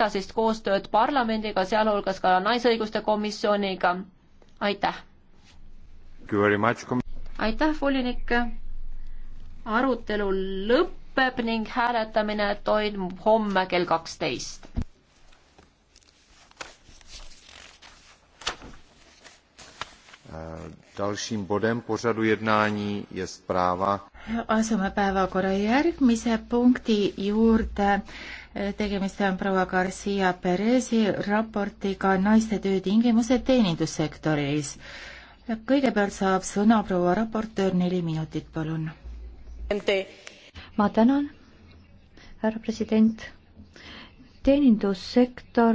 edasist koostööd parlamendiga, sealhulgas ka Naisõiguste Komisjoniga. aitäh! aitäh, volinik! arutelu lõpeb ning hääletamine toimub homme kell kaksteist. Äh, dalším bodem pořadu jednání je zpráva. Asume päevakorra järgmise punkti juurde tegemist on proua Garcia Perezi raportiga Naiste töötingimused teenindussektoris. kõigepealt saab sõna proua raportöör, neli minutit, palun. ma tänan, härra president. teenindussektor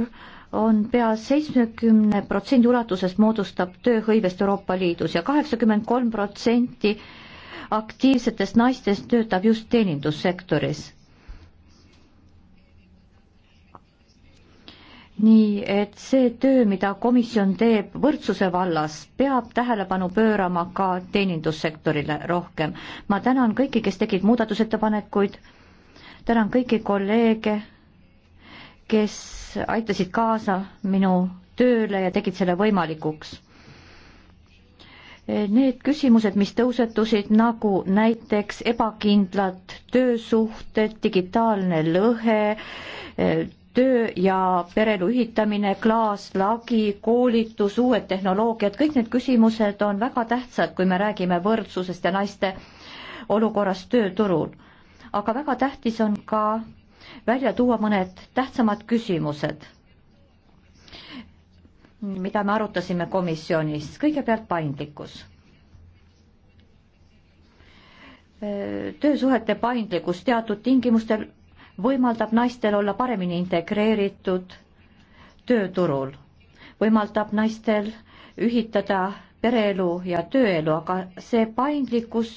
on pea seitsmekümne protsendi ulatuses moodustab tööhõivest Euroopa Liidus ja kaheksakümmend kolm protsenti aktiivsetest naistest töötab just teenindussektoris nii et see töö, mida komisjon teeb võrdsuse vallas, peab tähelepanu pöörama ka teenindussektorile rohkem. ma tänan kõiki, kes tegid muudatusettepanekuid, tänan kõiki kolleege, kes aitasid kaasa minu tööle ja tegid selle võimalikuks. Need küsimused, mis tõusetusid, nagu näiteks ebakindlad töösuhted, digitaalne lõhe, töö ja perelu ühitamine, klaaslagi, koolitus, uued tehnoloogiad, kõik need küsimused on väga tähtsad, kui me räägime võrdsusest ja naiste olukorrast tööturul. aga väga tähtis on ka välja tuua mõned tähtsamad küsimused, mida me arutasime komisjonis. kõigepealt paindlikkus töösuhete paindlikkus teatud tingimustel võimaldab naistel olla paremini integreeritud tööturul, võimaldab naistel ühitada pereelu ja tööelu, aga see paindlikkus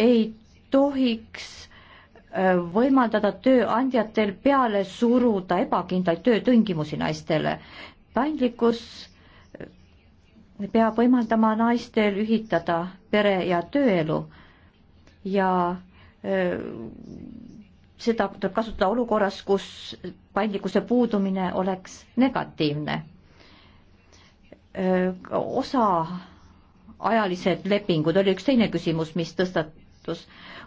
ei tohiks äh, võimaldada tööandjatel peale suruda ebakindlaid töötingimusi naistele. paindlikkus äh, peab võimaldama naistel ühitada pere ja tööelu ja öö, äh, seda tuleb kasutada olukorras, kus paindlikkuse puudumine oleks negatiivne. osaajalised lepingud oli üks teine küsimus, mis tõstatus.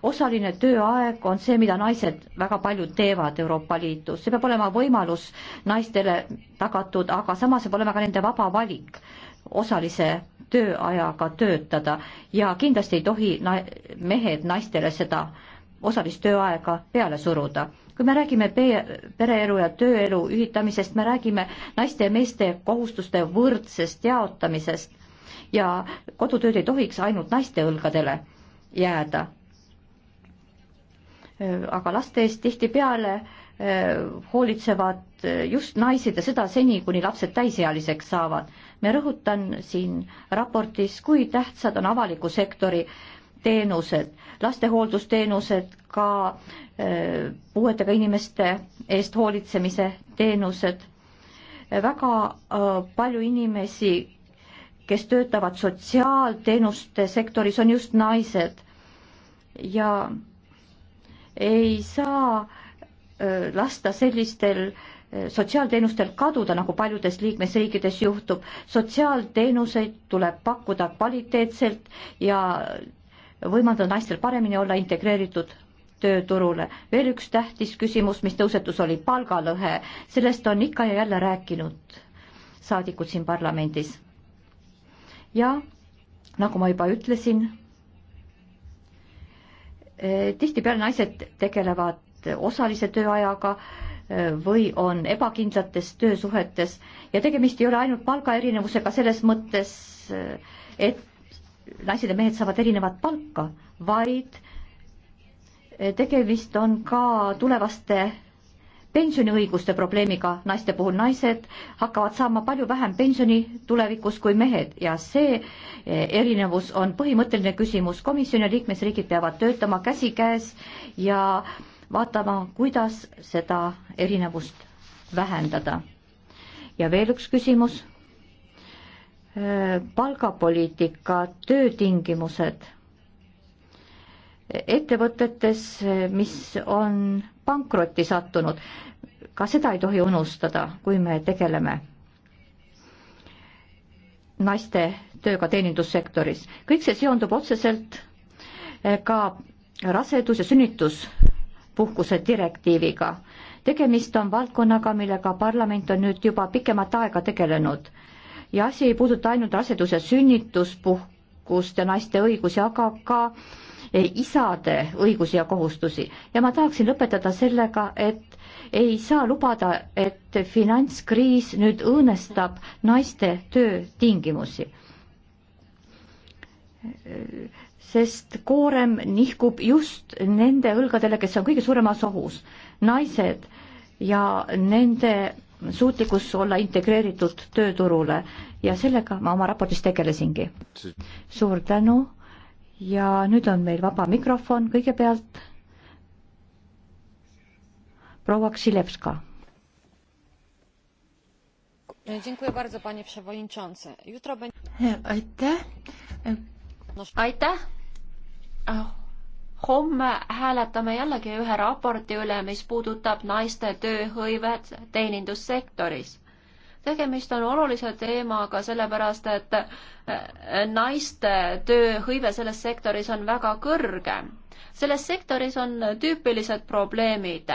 osaline tööaeg on see, mida naised väga paljud teevad Euroopa Liidus, see peab olema võimalus naistele tagatud, aga samas peab olema ka nende vaba valik osalise tööajaga töötada ja kindlasti ei tohi na mehed naistele seda äh, osalist tööaega peale suruda. kui me räägime pereelu ja tööelu ühitamisest, me räägime naiste ja meeste kohustuste võrdsest jaotamisest ja kodutööd ei tohiks ainult naiste õlgadele jääda. aga laste eest tihtipeale eh, hoolitsevad eh, just naised ja seda seni, kuni lapsed täisealiseks saavad. me rõhutan siin raportis, kui tähtsad on avaliku sektori äh, teenused, lastehooldusteenused, ka äh, puuetega inimeste eest hoolitsemise teenused. väga äh, palju inimesi, kes töötavad sotsiaalteenuste sektoris, on just naised ja ei saa äh, lasta sellistel sotsiaalteenustel kaduda, nagu paljudes liikmesriikides juhtub. sotsiaalteenuseid tuleb pakkuda kvaliteetselt ja võimaldada naistel paremini olla integreeritud tööturule. veel üks tähtis küsimus, mis tõusetus, oli palgalõhe. sellest on ikka ja jälle rääkinud saadikud siin parlamendis. ja nagu ma juba ütlesin, eh, tihtipeale naised tegelevad osalise tööajaga eh, või on ebakindlates töösuhetes ja tegemist ei ole ainult palgaerinevusega selles mõttes, eh, et naised ja mehed saavad erinevat palka, vaid eh, tegemist on ka tulevaste pensioniõiguste probleemiga naiste puhul. naised hakkavad saama palju vähem pensioni tulevikus kui mehed ja see eh, erinevus on põhimõtteline küsimus. komisjoni liikmesriigid peavad töötama käsikäes ja vaatama, kuidas seda erinevust vähendada. ja veel üks küsimus palgapoliitika, töötingimused ettevõtetes, mis on pankrotti sattunud. ka seda ei tohi unustada, kui me tegeleme naiste tööga teenindussektoris. kõik see seondub otseselt eh, ka rasedus- ja sünnituspuhkuse direktiiviga. tegemist on valdkonnaga, millega parlament on nüüd juba pikemat aega tegelenud ja asi ei puuduta ainult rasedus- ja sünnituspuhkust ja naiste õigusi, aga ka eh, isade õigusi ja kohustusi. ja ma tahaksin lõpetada sellega, et ei saa lubada, et finantskriis nüüd õõnestab naiste töötingimusi. sest koorem nihkub just nende õlgadele, kes on kõige suuremas ohus, naised ja nende suutlikkus olla integreeritud tööturule ja sellega ma oma raportis tegelesingi. suur tänu ja nüüd on meil vaba mikrofon, kõigepealt proua Ksilevska. aitäh. aitäh oh homme hääletame jällegi ühe raporti üle, mis puudutab naiste tööhõivet teenindussektoris. tegemist on olulise teemaga, sellepärast et eh, naiste tööhõive selles sektoris on väga kõrge. selles sektoris on tüüpilised probleemid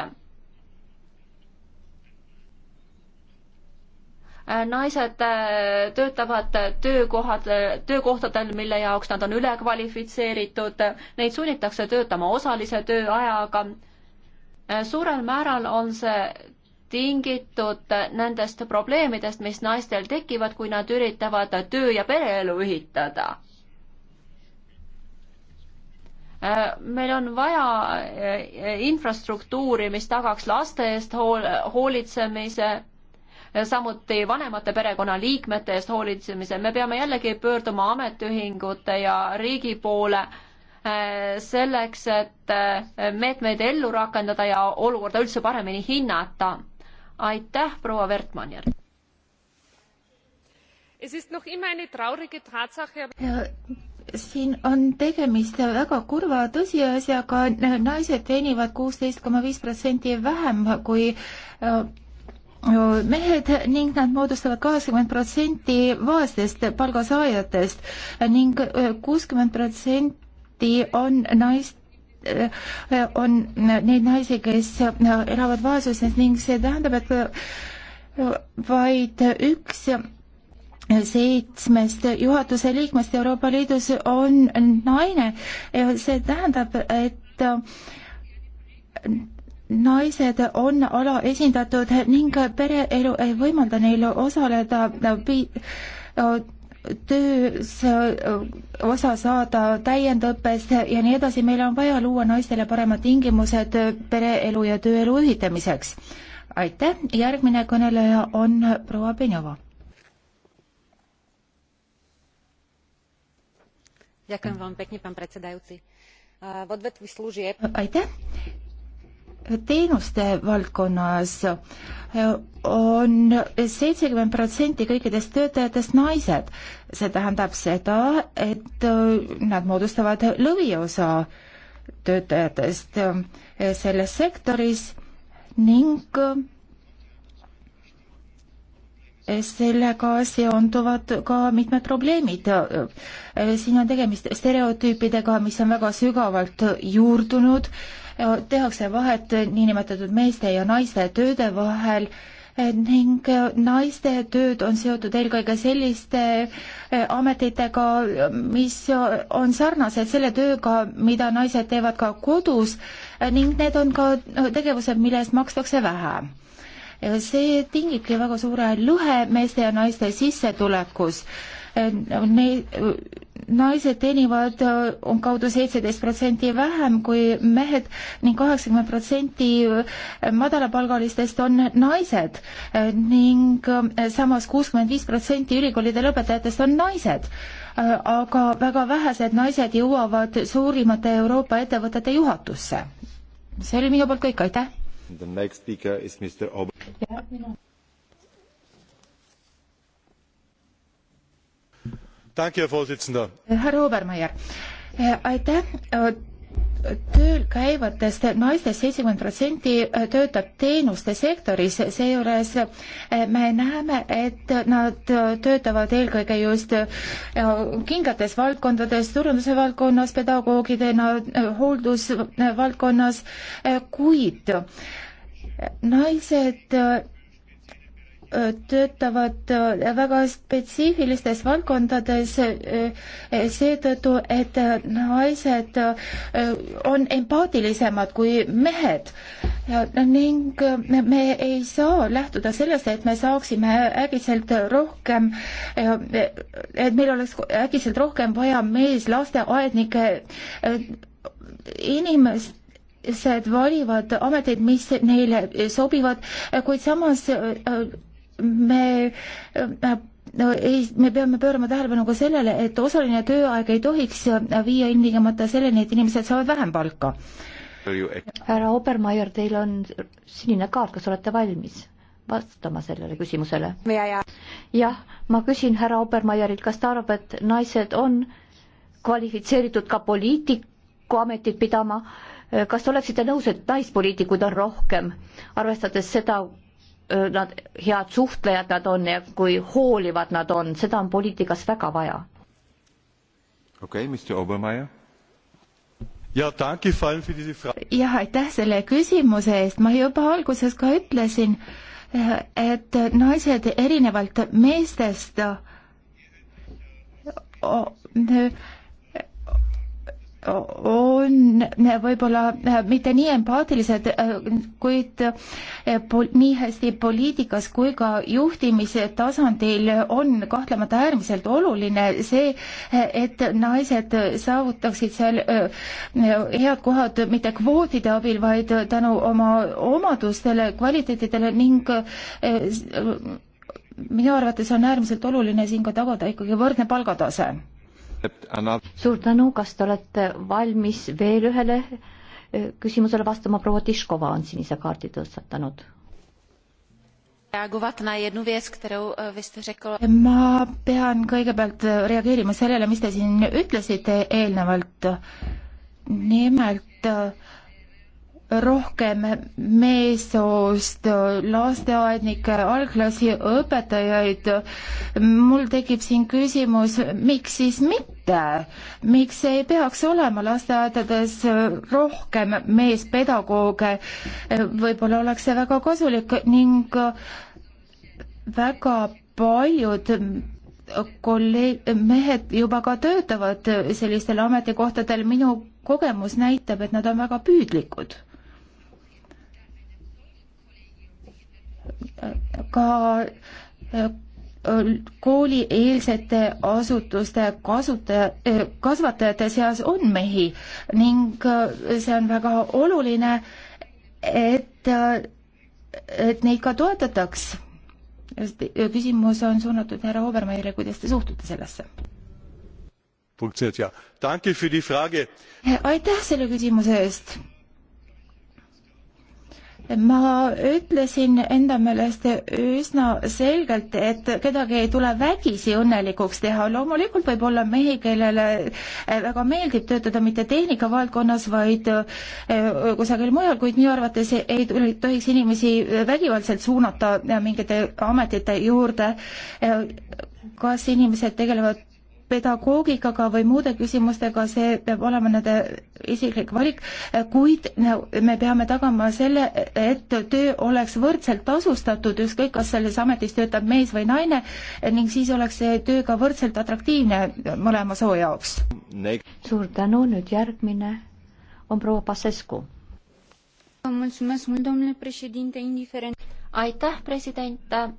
Äh, naised äh, töötavad töökohad, äh, töökohtadel, mille jaoks nad on ülekvalifitseeritud, neid sunnitakse töötama osalise tööajaga. suurel määral on see tingitud nendest probleemidest, mis naistel tekivad, kui nad üritavad töö ja pereelu ühitada. meil on vaja infrastruktuuri, mis tagaks laste eest hool-, hoolitsemise samuti vanemate perekonnaliikmete eest hoolitsemise. me peame jällegi pöörduma ametiühingute ja riigi poole eh, selleks, et eh, meetmeid ellu rakendada ja olukorda üldse paremini hinnata. aitäh, proua Wertmann! siin on tegemist väga kurva tõsiasjaga, naised teenivad kuusteist koma viis protsenti vähem kui äh, mehed ning nad moodustavad kaheksakümmend protsenti vaestest palgasaajatest ning äh, kuuskümmend protsenti on naist äh, on neid naisi, kes äh, elavad vaesuses ning see tähendab, et vaid üks seitsmest juhatuse liikmest Euroopa Liidus on naine ja see tähendab, et naised on alaesindatud ning pereelu ei võimalda neil osaleda töös, osa saada täiendõppest ja nii edasi, meil on vaja luua naistele paremad tingimused pereelu ja tööelu ühitamiseks. aitäh, järgmine kõneleja on proua Benjova. aitäh teenuste valdkonnas eh, on seitsekümmend protsenti kõikidest töötajatest naised. see tähendab seda, et eh, nad moodustavad lõviosa töötajatest eh, selles sektoris ning sellega seonduvad ka mitmed probleemid. siin on tegemist stereotüüpidega, mis on väga sügavalt juurdunud tehakse vahet niinimetatud meeste ja naiste tööde vahel ning naiste tööd on seotud eelkõige selliste ametitega, mis on sarnased selle tööga, mida naised teevad ka kodus ning need on ka tegevused, mille eest makstakse vähe. see tingibki väga suure lõhe meeste ja naiste sissetulekus. Neid naised teenivad umbkaudu äh, seitseteist protsenti vähem kui mehed ning kaheksakümmend protsenti äh, madalapalgalistest on naised äh, ning samas kuuskümmend viis protsenti ülikoolide lõpetajatest on naised. aga väga vähesed naised jõuavad suurimate Euroopa ettevõtete juhatusse. see oli minu poolt kõik, aitäh! The next speaker is Mr Ob- härra Obermeier, eh, aitäh tööl käivatest naistest seitsekümmend protsenti töötab teenuste sektoris, seejuures eh, me näeme, et nad töötavad eelkõige just eh, kindlates valdkondades, turunduse valdkonnas, pedagoogidena, hooldusvaldkonnas, kuid naised töötavad väga spetsiifilistes valdkondades seetõttu, et naised on empaatilisemad kui mehed ning me ei saa lähtuda sellest, et me saaksime äkitselt rohkem, et meil oleks äkitselt rohkem vaja meeslasteaednikke inimest, inimesed valivad ameteid, mis neile sobivad, kuid samas me äh, no ei, me peame pöörama tähelepanu ka sellele, et osaline tööaeg ei tohiks viia ilmtingimata selleni, et inimesed saavad vähem palka. härra Obermeier, teil on sinine kaart, kas olete valmis vastama sellele küsimusele? jah, ma küsin härra Obermeierilt, kas ta arvab, et naised on kvalifitseeritud ka poliitikuametit pidama, kas te oleksite nõus, et naispoliitikuid on rohkem, arvestades seda, nad head suhtlejad nad on ja kui hoolivad nad on, seda on poliitikas väga vaja. okei okay,, Mr Obermeier jah, aitäh selle küsimuse eest, ma juba alguses ka ütlesin, äh, et naised erinevalt meestest äh, on võib-olla äh, mitte nii empaatilised, äh, kuid äh, pol-, nii hästi poliitikas kui ka juhtimise tasandil on kahtlemata äärmiselt oluline see, et naised saavutaksid seal head kohad mitte kvootide abil, vaid tänu oma omadustele, kvaliteetidele ning minu arvates on äärmiselt oluline siin ka tagada ikkagi võrdne palgatase suur tänu, kas te olete valmis veel ühele eh, küsimusele vastama, proua Tiškova on sinise kaardi tõstatanud. Eh, ma pean kõigepealt eh, reageerima sellele, mis te siin ütlesite eelnevalt. nimelt rohkem meessoost lasteaednikke, algklassiõpetajaid. mul tekib siin küsimus, miks siis mitte? miks ei peaks olema lasteaedades rohkem meespedagooge? võib-olla oleks see väga kasulik ning väga paljud kolleeg-, mehed juba ka töötavad sellistel ametikohtadel, minu kogemus näitab, et nad on väga püüdlikud ka äh, äh, koolieelsete asutuste kasutaja, äh, kasvatajate seas on mehi ning see on väga oluline, et, et neid ka toetataks. küsimus on suunatud härra Obermeierile, kuidas te suhtute sellesse? aitäh selle küsimuse eest ma ütlesin enda meelest üsna selgelt, et kedagi ei tule vägisi õnnelikuks teha, loomulikult võib olla mehi, kellele väga meeldib töötada mitte tehnika valdkonnas, vaid eh, kusagil mujal, kuid minu arvates ei tohiks inimesi vägivaldselt suunata mingite ametite juurde. Eh, kas inimesed tegelevad pedagoogikaga või muude küsimustega, see peab olema nende isiklik valik, kuid me peame tagama selle, et töö oleks võrdselt tasustatud, ükskõik, kas selles ametis töötab mees või naine, ning siis oleks see töö ka võrdselt atraktiivne mõlema soo jaoks. suur tänu, nüüd järgmine on proua Pasescu. aitäh, president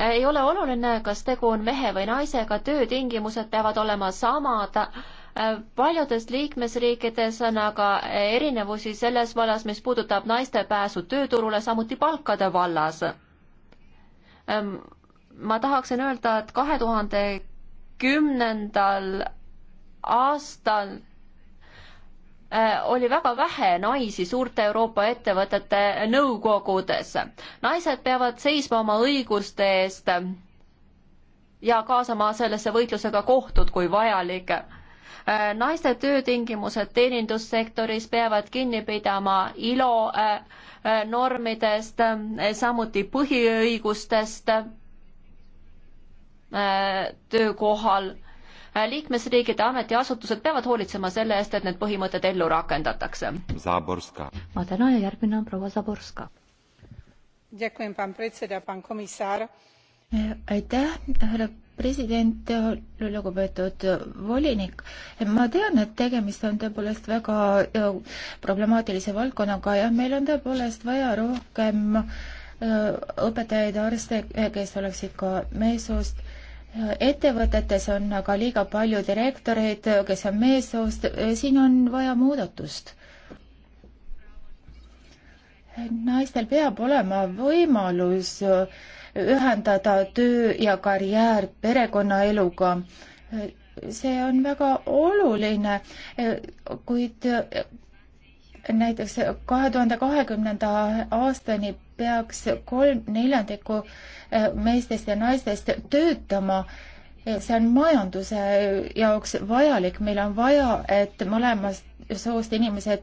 Äh, ei ole oluline, kas tegu on mehe või naisega, töötingimused peavad olema samad. Äh, paljudes liikmesriikides on aga erinevusi selles vallas, mis puudutab naiste pääsu tööturule, samuti palkade vallas. Ähm, ma tahaksin öelda, et kahe tuhande kümnendal aastal Äh, oli väga vähe naisi suurte Euroopa ettevõtete nõukogudes. naised peavad seisma oma õiguste eest ja kaasama sellesse võitlusega kohtud, kui vajalik. Äh, naiste töötingimused teenindussektoris peavad kinni pidama ILO äh, normidest, samuti põhiõigustest töökohal Äh, liikmesriigid, ametiasutused peavad hoolitsema selle eest, et need põhimõtted ellu rakendatakse. ma tänan ja järgmine on proua Zaborska. Äh, aitäh, härra president, lugupeetud volinik, ma tean, et tegemist on tõepoolest väga äh, problemaatilise valdkonnaga ja meil on tõepoolest vaja rohkem õpetajaid, arste, kes oleksid ka meessoost ettevõtetes on aga liiga palju direktoreid, kes on meessoost, siin on vaja muudatust. naistel peab olema võimalus ühendada töö ja karjäär perekonnaeluga. see on väga oluline, kuid näiteks kahe tuhande kahekümnenda aastani peaks kolm neljandikku äh, meestest ja naistest töötama. Äh, see on majanduse äh, jaoks vajalik, meil on vaja, et mõlemast soost inimesed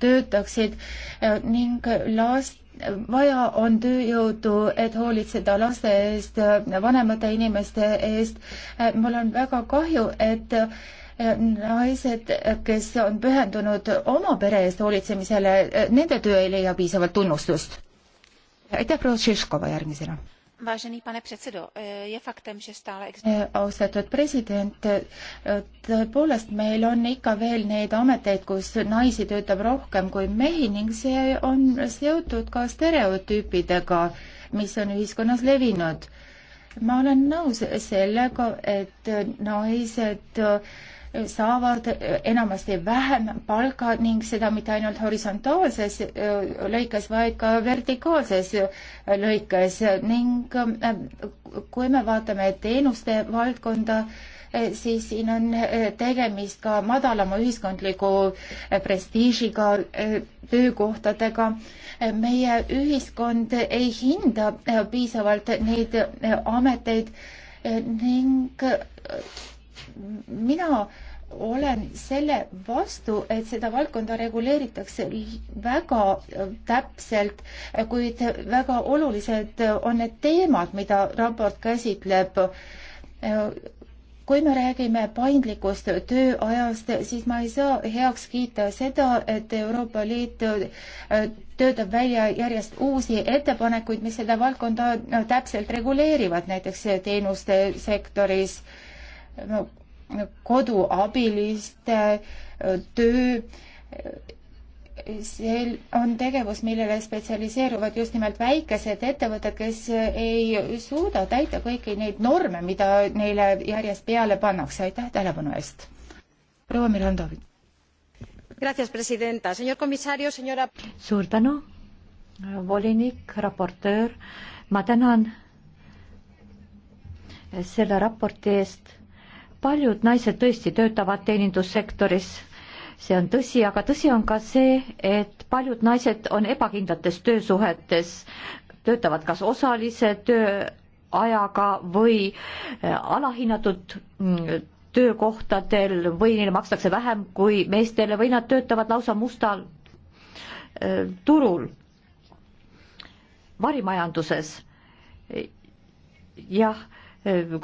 töötaksid ning last vaja on tööjõudu, et hoolitseda laste eest, vanemate inimeste eest. mul on väga kahju, et naised, kes on pühendunud oma pere eest hoolitsemisele, nende töö ei leia piisavalt tunnustust aitäh, proua Šiškova järgmisena. Vážený pane předsedo, eh, je faktem, že stále eh, austatud president, eh, tõepoolest meil on ikka veel neid ameteid, kus naisi töötab rohkem kui mehi ning see on seotud ka stereotüüpidega, mis on ühiskonnas levinud ma olen nõus sellega, et naised saavad enamasti vähem palka ning seda mitte ainult horisontaalses äh, lõikes, vaid ka vertikaalses äh, lõikes ning äh, kui me vaatame teenuste valdkonda, siis siin on tegemist ka madalama ühiskondliku prestiižiga töökohtadega. meie ühiskond ei hinda piisavalt neid ameteid ning mina olen selle vastu, et seda valdkonda reguleeritakse väga äh, täpselt, kuid väga olulised on need teemad, mida raport käsitleb. kui me räägime paindlikust tööajast, siis ma ei saa heaks kiita seda, et Euroopa Liit äh, töötab välja järjest uusi ettepanekuid, mis seda valdkonda äh, täpselt reguleerivad, näiteks teenuste sektoris koduabiliste töö. see on tegevus, millele spetsialiseeruvad just nimelt väikesed ettevõtted, kes ei suuda täita kõiki neid norme, mida neile järjest peale pannakse. aitäh tähelepanu eest. proua Mirandov. suur tänu, volinik, raportöör, ma tänan selle raporti eest paljud naised tõesti töötavad teenindussektoris, see on tõsi, aga tõsi on ka see, et paljud naised on ebakindlates töösuhetes, töötavad kas osalise tööajaga või äh, alahinnatud mm, töökohtadel või neile makstakse vähem kui meestele või nad töötavad lausa mustal äh, turul, varimajanduses. jah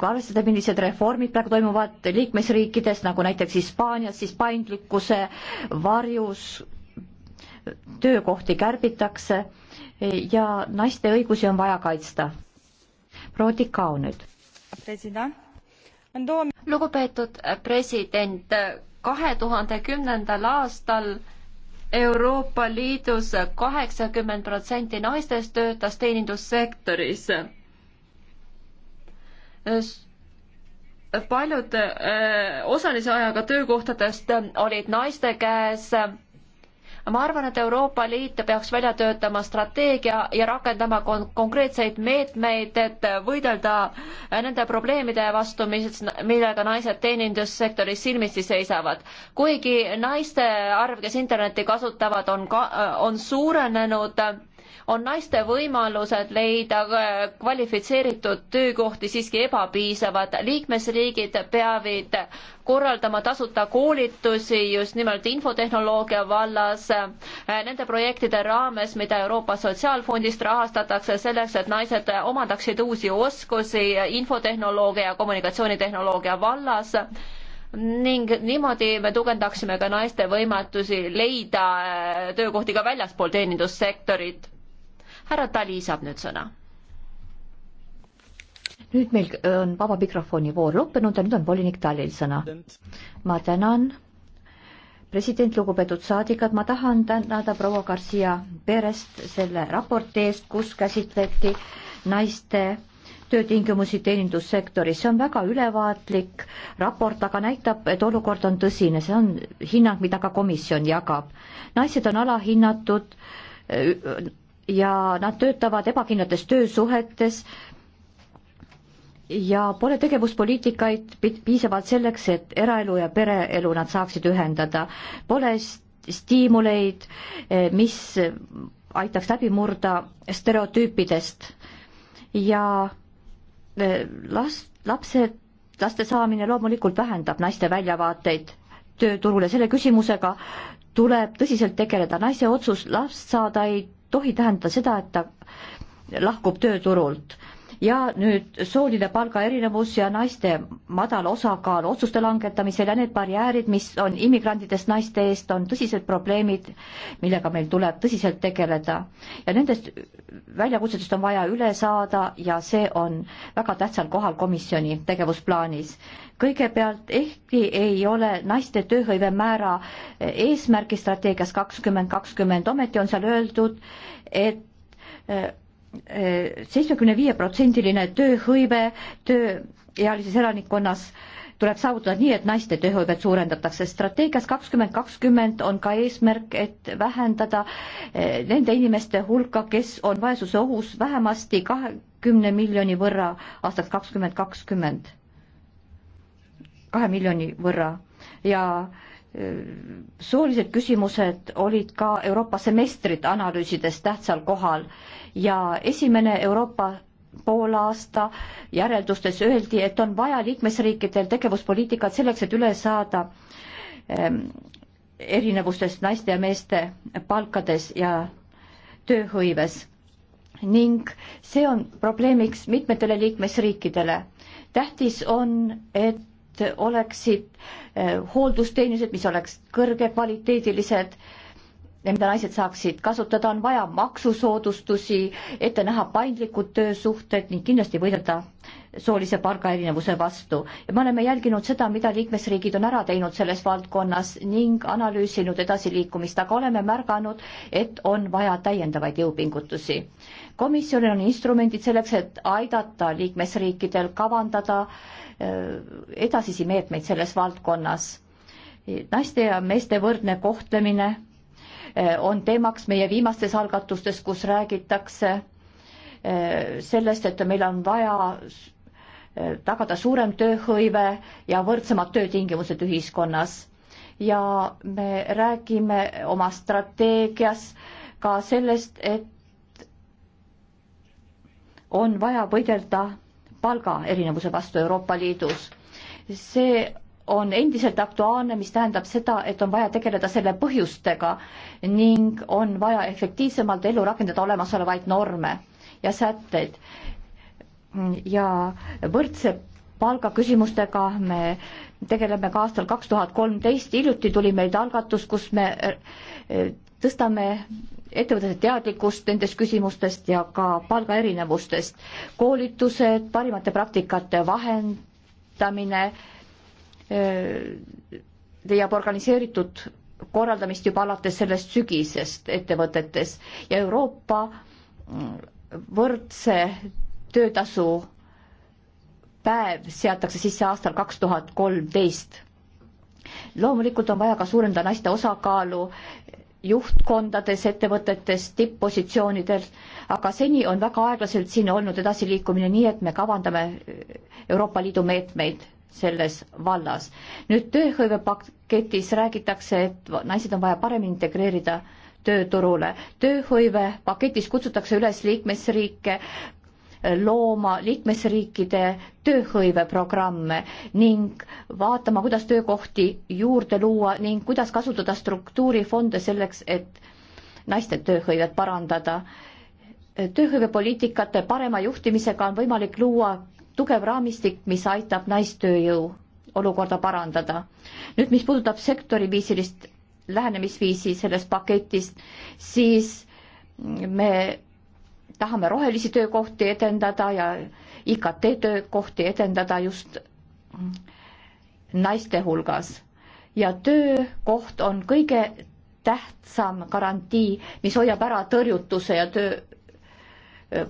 arvestada, millised reformid praegu toimuvad liikmesriikides, nagu näiteks Hispaanias, siis paindlikkuse varjus töökohti kärbitakse ja naiste õigusi on vaja kaitsta. proua Tikau nüüd. lugupeetud president, kahe tuhande kümnendal aastal Euroopa Liidus kaheksakümmend protsenti naistest töötas teenindussektoris paljud äh, osalise ajaga töökohtadest olid naiste käes. ma arvan, et Euroopa Liit peaks välja töötama strateegia ja rakendama kon konkreetseid meetmeid, et võidelda nende probleemide vastu, mis, millega naised teenindussektoris silmitsi seisavad. kuigi naiste arv, kes internetti kasutavad, on ka, äh, on suurenenud on naiste võimalused leida äh, kvalifitseeritud töökohti siiski ebapiisavad. liikmesriigid peavad korraldama tasuta koolitusi just nimelt infotehnoloogia vallas äh, nende projektide raames, mida Euroopa Sotsiaalfondist rahastatakse selleks, et naised omandaksid uusi oskusi infotehnoloogia ja kommunikatsioonitehnoloogia vallas ning niimoodi me tugevdaksime ka naiste võimatusi leida äh, töökohti ka väljaspool teenindussektorit härra Tali saab nüüd sõna. nüüd meil on vaba mikrofoni voor lõppenud ja nüüd on volinik Talil sõna. ma tänan, president, lugupeetud saadikud, ma tahan tänada proua Garcia Perest selle raporti eest, kus käsitleti naiste töötingimusi teenindussektoris, see on väga ülevaatlik raport, aga näitab, et olukord on tõsine, see on hinnang, mida ka komisjon jagab. naised on alahinnatud ja nad töötavad ebakindlates töösuhetes ja pole tegevuspoliitikaid piisavalt selleks, et eraelu ja pereelu nad saaksid ühendada. Pole stiimuleid, eh, mis aitaks läbi murda stereotüüpidest ja eh, last, lapsed, laste saamine loomulikult vähendab naiste väljavaateid tööturule, selle küsimusega tuleb tõsiselt tegeleda, naise otsus last saada ei tohi tähendada seda, et ta lahkub tööturult ja nüüd sooline palgaerinevus ja naiste madal osakaal otsuste langetamisel ja need barjäärid, mis on immigrantidest naiste eest, on tõsised probleemid, millega meil tuleb tõsiselt tegeleda. ja nendest väljakutsetest on vaja üle saada ja see on väga tähtsal kohal komisjoni tegevusplaanis kõigepealt ehkki ei ole naiste tööhõive määra eesmärgi strateegias kakskümmend kakskümmend, ometi on seal öeldud, et eh, seitsmekümne viie protsendiline tööhõive tööealises elanikkonnas tuleb saavutada nii, et naiste tööhõivet suurendatakse. strateegias kakskümmend kakskümmend on ka eesmärk, et vähendada eh, nende inimeste hulka, kes on vaesuse ohus vähemasti kahekümne miljoni võrra aastaks kakskümmend kakskümmend, kahe miljoni võrra ja soolised küsimused olid ka Euroopa semestrit analüüsides tähtsal kohal ja esimene Euroopa poolaasta järeldustes öeldi, et on vaja liikmesriikidel tegevuspoliitikat selleks, et üle saada ehm, erinevustest naiste ja meeste palkades ja tööhõives ning see on probleemiks mitmetele liikmesriikidele. tähtis on, et et oleksid eh, hooldusteenused, mis oleks kõrgekvaliteedilised ja mida naised saaksid kasutada, on vaja maksusoodustusi, ette näha paindlikud töösuhted ning kindlasti võidelda soolise palgaerinevuse vastu ja me oleme jälginud seda, mida liikmesriigid on ära teinud selles valdkonnas ning analüüsinud edasiliikumist, aga oleme märganud, et on vaja täiendavaid jõupingutusi. komisjonil on instrumendid selleks, et aidata liikmesriikidel kavandada äh, edasisi meetmeid selles valdkonnas. naiste ja meeste võrdne kohtlemine äh, on teemaks meie viimastes algatustes, kus räägitakse äh, sellest, et meil on vaja tagada suurem tööhõive ja võrdsemad töötingimused ühiskonnas. ja me räägime oma strateegias ka sellest, et on vaja võidelda palgaerinevuse vastu Euroopa Liidus. see on endiselt aktuaalne, mis tähendab seda, et on vaja tegeleda selle põhjustega ning on vaja efektiivsemalt ellu rakendada olemasolevaid norme ja sätteid ja võrdse palga küsimustega me tegeleme ka aastal kaks tuhat kolmteist, hiljuti tuli meil algatus, kus me äh, tõstame ettevõtete teadlikkust nendest küsimustest ja ka palgaerinevustest. koolitused, parimate praktikate vahendamine äh, leiab organiseeritud korraldamist juba alates sellest sügisest ettevõtetes ja Euroopa mm, võrdse töötasu päev seatakse sisse aastal kaks tuhat kolmteist. loomulikult on vaja ka suurendada naiste osakaalu juhtkondades, ettevõtetes, tipppositsioonidel, aga seni on väga aeglaselt siin olnud edasiliikumine, nii et me kavandame Euroopa Liidu meetmeid selles vallas. nüüd tööhõivepaketis räägitakse, et naised on vaja paremini integreerida tööturule. tööhõive paketis kutsutakse üles liikmesriike looma liikmesriikide tööhõiveprogramme ning vaatama, kuidas töökohti juurde luua ning kuidas kasutada struktuurifonde selleks, et naiste tööhõivet parandada. tööhõivepoliitikate parema juhtimisega on võimalik luua tugev raamistik, mis aitab naistööjõu olukorda parandada. nüüd, mis puudutab sektoriviisilist lähenemisviisi sellest paketist, siis me tahame rohelisi töökohti edendada ja IKT töökohti edendada just naiste hulgas. ja töökoht on kõige tähtsam garantii, mis hoiab ära tõrjutuse ja töö,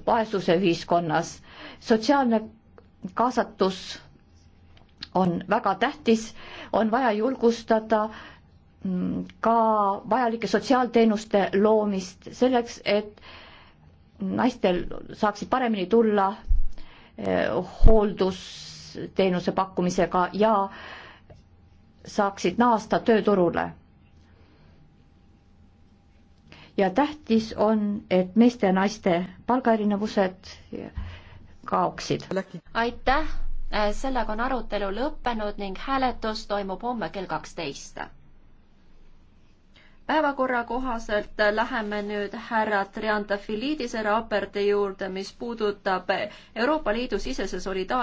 vaesuse ühiskonnas. sotsiaalne kaasatus on väga tähtis, on vaja julgustada mm, ka vajalike sotsiaalteenuste loomist selleks, et naistel saaksid paremini tulla eh, hooldusteenuse pakkumisega ja saaksid naasta tööturule. ja tähtis on, et meeste ja naiste palgaerinevused kaoksid. aitäh, äh, sellega on arutelu lõppenud ning hääletus toimub homme kell kaksteist päevakorra kohaselt läheme nüüd härra Triantafilidise raporti juurde, mis puudutab Euroopa Liidu sisese solidaar-.